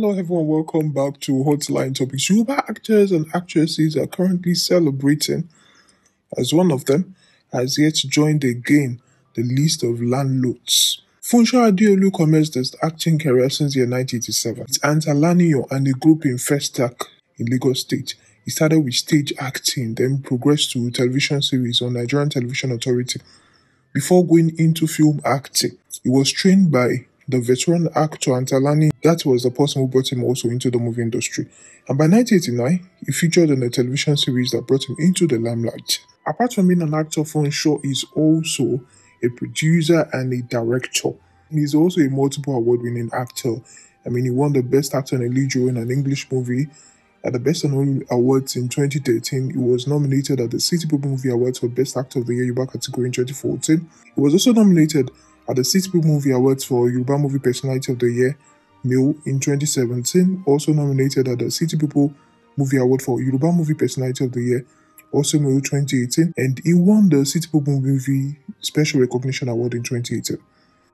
Hello, everyone. Welcome back to Hotline Topics. Yoruba actors and actresses are currently celebrating, as one of them has yet joined again the list of landlords. Funsho Adeolu commenced his acting career since the year 1987. It's Antalanio and a group in Festac in Lagos State. He started with stage acting, then progressed to television series on Nigerian Television Authority before going into film acting. He was trained by the veteran actor Antalani, that was the person who brought him also into the movie industry. And by 1989, he featured in a television series that brought him into the limelight. Apart from being an actor for Shaw is also a producer and a director. He's also a multiple award-winning actor. I mean, he won the Best Actor in a Lead Role in an English movie. At the Best Only Awards in 2013, he was nominated at the City People Movie Awards for Best Actor of the Year the category in 2014. He was also nominated at the City People Movie Awards for Yoruba Movie Personality of the Year, Male, in 2017, also nominated at the City People Movie Award for Yoruba Movie Personality of the Year, also Male 2018, and he won the City People Movie Special Recognition Award in 2018.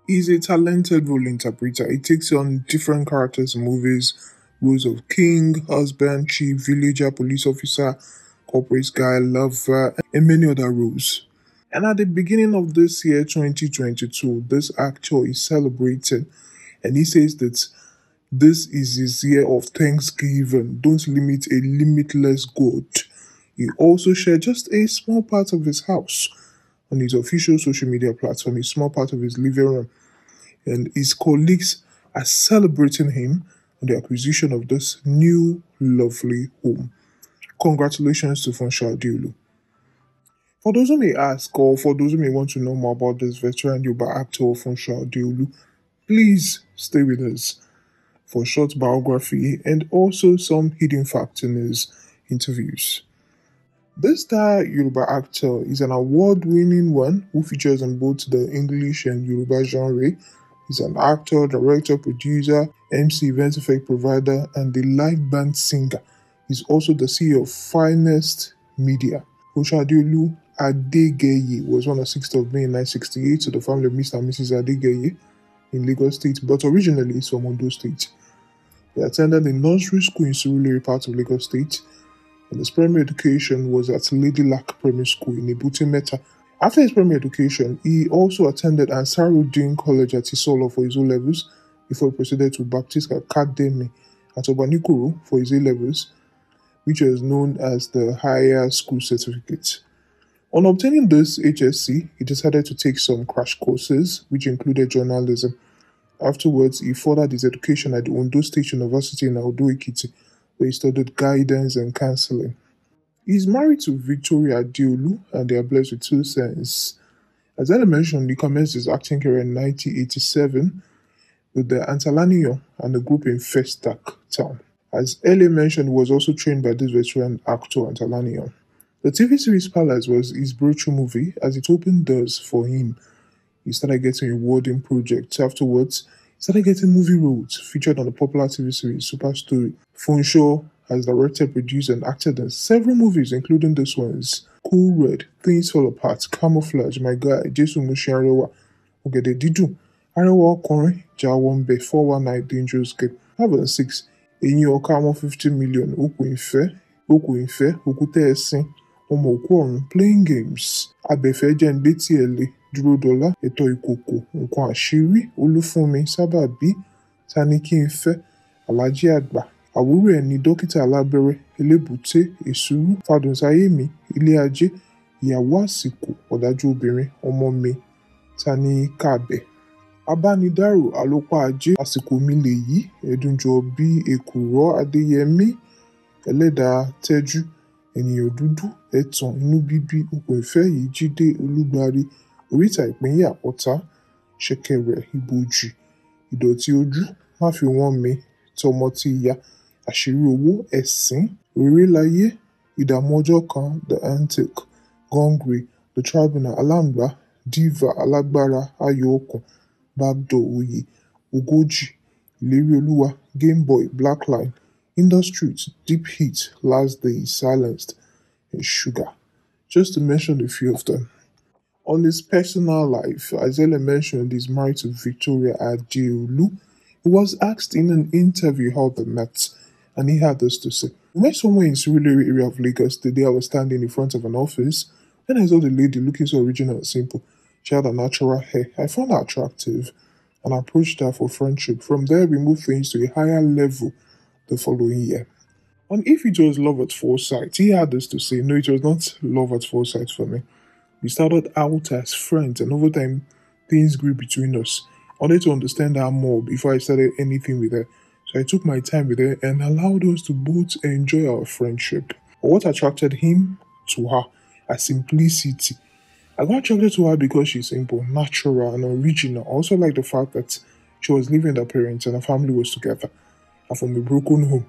He's a talented role interpreter. He takes on different characters in movies, roles of king, husband, chief, villager, police officer, corporate guy, lover, and many other roles. And at the beginning of this year, 2022, this actor is celebrating and he says that this is his year of thanksgiving. Don't limit a limitless God. He also shared just a small part of his house on his official social media platform, a small part of his living room. And his colleagues are celebrating him on the acquisition of this new lovely home. Congratulations to Fonsha Diulu. For those who may ask, or for those who may want to know more about this veteran Yoruba actor Funsho Adeolu, please stay with us for a short biography and also some hidden facts in his interviews. This star Yoruba actor is an award-winning one who features in both the English and Yoruba genre. He's an actor, director, producer, MC event effect provider, and the live band singer. He's also the CEO of Finest Media. Oshadeolu Adegeye was born on 6th of May 1968 to the family of Mr. and Mrs. Adegeye in Lagos State, but originally is from Ondo State. He attended the nursery school in Surulere part of Lagos State, and his primary education was at Lady Lack Primary School in Ibutimeta. After his primary education, he also attended Ansaruddin College at Isolo for his O levels before he proceeded to Baptist Academy at Obanikuru for his A levels, which was known as the Higher School Certificate. On obtaining this HSC, he decided to take some crash courses, which included journalism. Afterwards, he furthered his education at the Ondo State University in Odo where he studied guidance and counseling. He is married to Victoria Diolu, and they are blessed with two sons. As I mentioned, he commenced his acting career in 1987 with the Antalanio and the group in Festac town. As Ellie mentioned, he was also trained by this veteran actor Antalanio. The TV series Palace was his breakthrough movie as it opened doors for him. He started getting rewarding projects. Afterwards, he started getting movie roles featured on the popular TV series Super Story. Funshaw has directed, produced, and acted in several movies, including this one's Cool Red, Things Fall Apart, Camouflage, My Guy, Jason Mushiarewa, Ogede Didu, Arewa Okorin, Jawombe, 419, Dangerous Game, Heaven 6, Eyin Oka, 150 million, Okuinfe, Okuinfe, Oku Ife, ọmọ òkú ọ̀run playing games abẹ́fẹ́ jẹ́ ń gbé tiẹ̀ lé dúró dọ́là ètò ìkòkò nǹkan àṣírí olúfúnmi sábàbí ta ni kí n fẹ́ aláàjì àgbà àwúrò ẹ̀ ní dókítà alábẹ́rẹ́ elébùté èṣùrù fàdùnsáyèmí ilé ajé ìyàwó àsìkò ọ̀dájú obìnrin ọmọ mi ta ni kábẹ̀ abánidárò àlòpọ̀ ajé àsìkò mi lèyí ẹ̀dùnjọ́ bíi èkùrọ́ adéyẹmí ẹlẹ́dàá tẹ́jú ènìyàn dúdú ẹ̀tàn inú bíbí okùn ìfẹ́ yìí jíde olúgbárí oríta ìpínyà ọ̀tá ṣẹ̀kẹ̀rẹ̀ ibojì ìdọ̀tí ojú má fi wọ́n mi tọmọ ti ìyá àṣírí owó ẹ̀sìn oríláyé ìdààmú ọjọ́ kan the antic gongre the tribunal aláǹgbá diva alágbára ayọ̀ ọkàn backdoor oyè ogójì ìlérí olúwa gameboy blackline In those streets, Deep Heat, Last Day, Silenced, and Sugar, just to mention a few of them. On his personal life, Azele mentioned he's married to Victoria Adeolu. He was asked in an interview how they met, and he had this to say. We met somewhere in Surulere area of Lagos. The day I was standing in front of an office, and I saw the lady looking so original and simple. She had a natural hair. I found her attractive and approached her for friendship. From there, we moved things to a higher level – the following year. And if it was love at first sight, he had this to say, no, it was not love at first sight for me. We started out as friends, and over time, things grew between us. I wanted to understand her more before I started anything with her, so I took my time with her and allowed us to both enjoy our friendship. But what attracted him to her? Her simplicity. I got attracted to her because she's simple, natural, and original. I also like the fact that she was living with her parents and her family was together and from a broken home.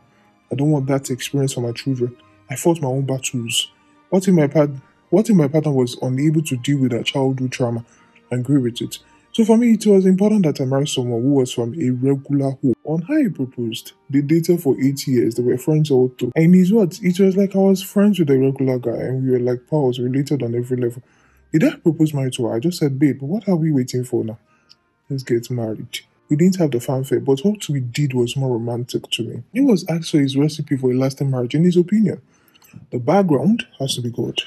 I don't want that experience for my children. I fought my own battles. What if my part what if my partner was unable to deal with her childhood trauma and grew with it? So for me, it was important that I married someone who was from a regular home. On how he proposed, they dated for eight years. They were friends all through. And in his words, it was like I was friends with a regular guy and we were like pals, related on every level. Did I propose marriage to her? I just said, babe, what are we waiting for now? Let's get married. We didn't have the fanfare, but what we did was more romantic to me. He was asked for his recipe for a lasting marriage. In his opinion, the background has to be good.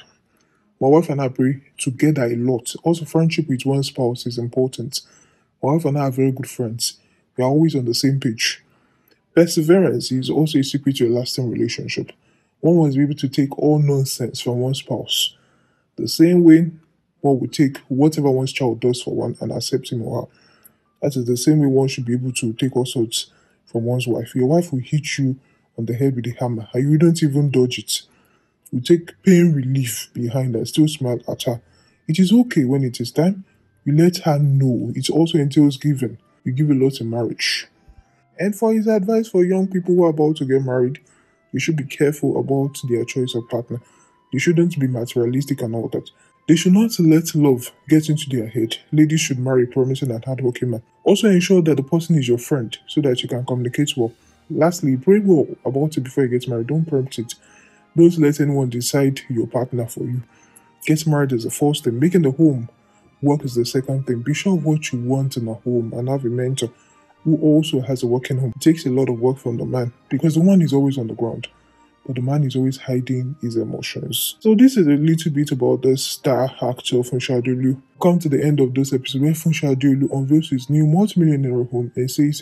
My wife and I pray together a lot. Also, friendship with one spouse is important. My wife and I are very good friends. We are always on the same page. Perseverance is also a secret to a lasting relationship. One must be able to take all nonsense from one spouse. The same way one would take whatever one's child does for one and accept him or her. That is the same way one should be able to take all sorts from one's wife. Your wife will hit you on the head with a hammer and you don't even dodge it. You take pain relief behind and still smile at her. It is okay when it is time. You let her know. It also entails giving. You give a lot in marriage. And for his advice for young people who are about to get married, you should be careful about their choice of partner. You shouldn't be materialistic and all that. They should not let love get into their head. Ladies should marry promising and hardworking man. Also ensure that the person is your friend so that you can communicate well. Lastly, pray well about it before you get married. Don't prompt it. Don't let anyone decide your partner for you. Get married is the first thing. Making the home work is the second thing. Be sure of what you want in a home and have a mentor who also has a working home. It takes a lot of work from the man because the man is always on the ground but the man is always hiding his emotions. So this is a little bit about the star actor Funsha Adolu. Come to the end of this episode where Funsha Adolu unveils his new multi-millionaire home and says,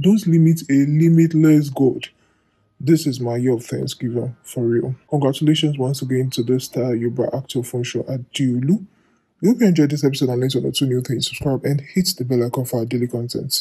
"Don't limit a limitless God." This is my year of Thanksgiving for real. Congratulations once again to the star Yuba actor Funsha Adolu. We hope you enjoyed this episode and learned one or two new things. Subscribe and hit the bell icon for our daily content.